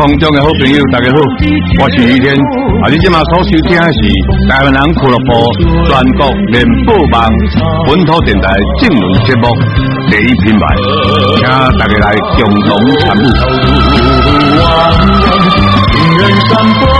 空中嘅好朋友，大家好，我是于天，啊，你今晚所收聽嘅係台灣人俱樂部全國聯播網本土電台政論節目第一品牌，請大家嚟共同參與。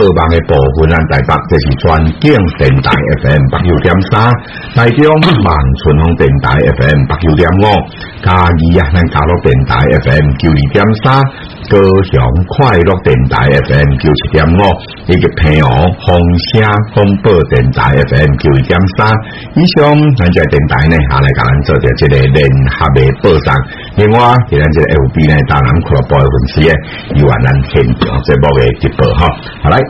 各邦嘅部分咱台北，這是全景電台 F M 八九點三，台中望春風電台 F M 八九點五，嘉義啊，能加入電台 F M 九二點三，高雄快樂電台 F M 九七點五，以及平陽風聲風暴電台 F M 九二點三，以上咱呢個電台呢，下來咱做啲，即個聯合的報上，另外，既咱即個 F B 呢，台灣人俱樂部一份資料，一萬兩千，再報的直播哈，好來。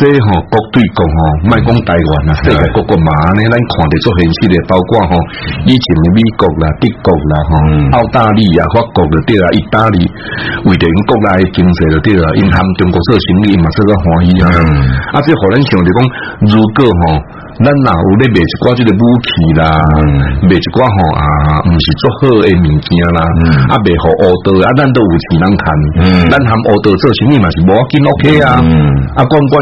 即吼、哦、國對國吼、哦，唔講台灣啦，即係各國嘛安尼咱看得出現實的，包括吼、哦、以前嘅美國啦、德國啦、吼、嗯、澳大利亞、法國嗰啲啊、意大利，為着因國內嘅經濟嗰啲啊，因含、嗯、中國做生意嘛，真係歡喜啊！嗯、啊，即係互咱想着講，如果吼、哦、咱若有咧賣一寡即個武器啦，賣、嗯、一寡吼啊，毋是做好嘅物件啦，啊，賣互歐洲啊，咱都有錢通趁，嗯、咱含歐洲做生意嘛，是無要緊 ok 啊，嗯、啊，關關。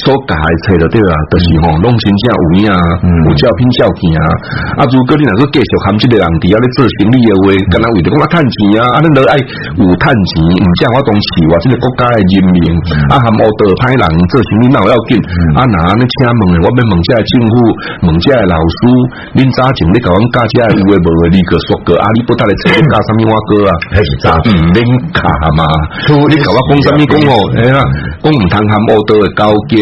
所改切了對啊，就是吼弄真正有影，啊，有照片照片啊。啊，如果你若個繼續含即個人，佇遐咧做生意個話，敢若為得講我趁錢啊？啊，你老愛有趁錢，毋正我當錢話，即個國家嘅人民啊，含我哋派人做生意，那有要緊。啊。安尼請問，我問孟家政府、孟家老師，恁早前你甲阮教遮，有誒無誒，立刻說個阿里巴巴的車教上你話哥啊？還是查唔明卡嘛？你甲啊，講心義講吼，你啊，講毋通含我誒交接。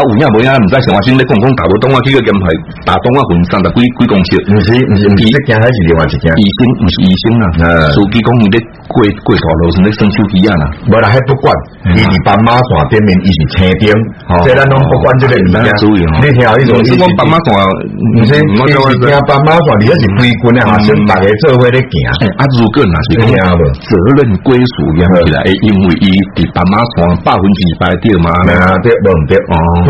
有影無影，毋知使成日先講講大打到東啊，幾個金牌打東啊盤三百幾幾公司，毋是毋是，以行，係是另外一己，醫生，毋是醫生啊，司機講，伊咧歸歸陀佬似咧新手機啊，無啦，係不管，伊佇斑馬線頂面，伊是車頂，好，即咱攏不管，即係你咩主意咯，你條一種，我斑馬線，你你你斑馬線，你又是歸誒啊，先逐個做伙咧行，啊，如果若是咩啊？責任歸屬嚟，因為伊佇斑馬線百分之百對嘛，對無毋對哦。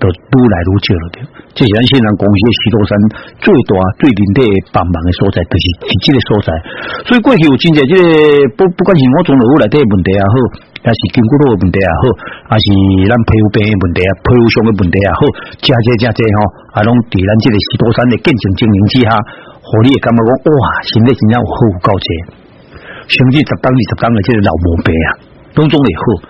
都多來多去了，這是我人的，即係咱現在講起石頭山最大最靈的幫忙嘅所在，就是係即個所在。所以過去有真濟即個不，不管是我從老來啲問題也好，還是過固個問題也好，還是咱皮膚病問題啊、皮膚上嘅問題也好，加加加加吼，啊，攏在咱即個石頭山嘅堅強經營之下，何你感覺講哇，現在真正有好有夠。上次十當二十當嘅即個老毛病啊，弄中了以後。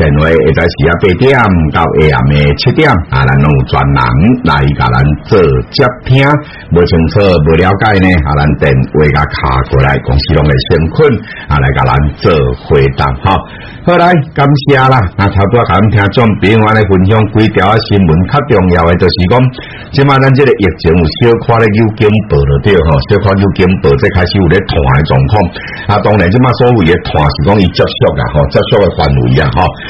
電話一在時啊八點到下呀没七點啊，咱攏有專人來甲咱做接聽，不清楚不了解呢，啊，咱電話甲卡過來，公司攏會先困啊，來甲咱做回答哈。好來，感謝啦，那差不多講聽，轉別我來分享，幾條新聞較重要的就是講，今嘛咱這個疫情有小可的有進步就對吼。小可有進步，即開始有咧拖嘅狀況，啊，當然今嘛所謂嘅拖，是講伊接觸啊，吼，接觸嘅範圍啊，吼。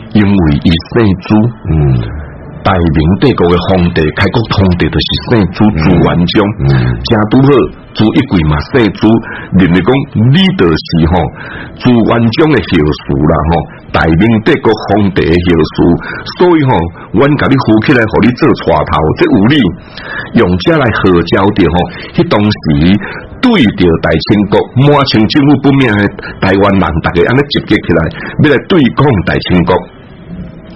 因為伊姓朱，嗯，大明帝國嘅皇帝，開國皇帝都是姓朱朱元璋。嗯，家都、嗯、好，朱一貴嘛，姓朱、哦，人哋講你著是吼朱元璋嘅後嗣啦，吼，大明帝國皇帝嘅後嗣，所以吼、哦，阮甲你扶起來，互你做船頭，即有力，用即來號召着吼，迄當時對着大清國，滿清政府不滅嘅台灣人，逐個安尼集結起來，要來對抗大清國。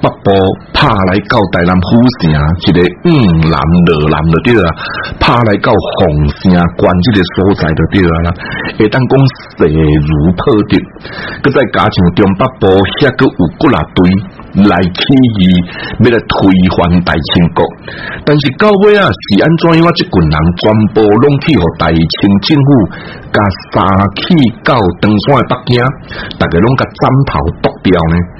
北部拍來到台南府城，一個五南二南就啲啊，拍來到紅城，關即個所在就嗰啲啦。而當講勢如破竹佢再加上中北部一個五谷啦堆來起義，為了推翻大清國。但是到尾啊，是安怎樣我即群人全部攏去互大清政府，甲三去到唐山嘅北京，大家攏甲斬頭剁掉呢？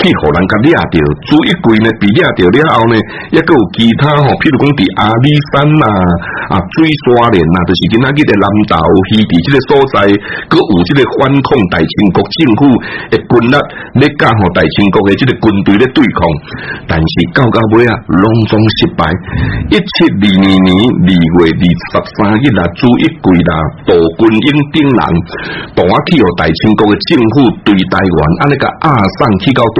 去予人佢掠着朱一貴呢？被掠着了後呢？抑閣有其他吼、哦。譬如講佇阿里山啊，啊，水沙連呢，啊，著、就是今仔日的南投縣佇即個所在閣有即個反抗大清國政府嘅軍力，咧，加號大清國嘅即個軍隊咧對抗，但是到到尾啊，攏總失敗。一七二二年二月二十三日啊，朱一貴啦，杜軍英等人，倒阿去予大清國嘅政府對台灣，啊，按呢甲押送去到。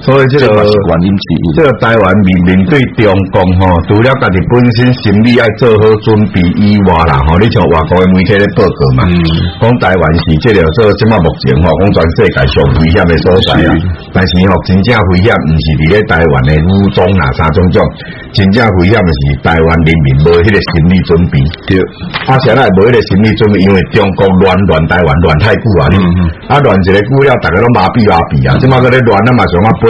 所以即、這個即個,、嗯、個台灣人民,民對中共吼，除了自己本身心理要做好準備以外啦，嗬，你像外國的媒體啲報告嘛，講、嗯、台灣是即係做咁啊，目前嗬，講全世界最危險的所在啊。是但是嗬，真正危險唔是呢個台灣嘅武裝啊，三種種真正危險嘅係台灣人民冇呢個心理準備，對，而且咧冇呢個心理準備，因為中共亂亂台灣亂太久啦，嗯,嗯啊亂一個久了大家都麻痹麻痹啊，即嘛嗰啲亂啊嘛，我想乜？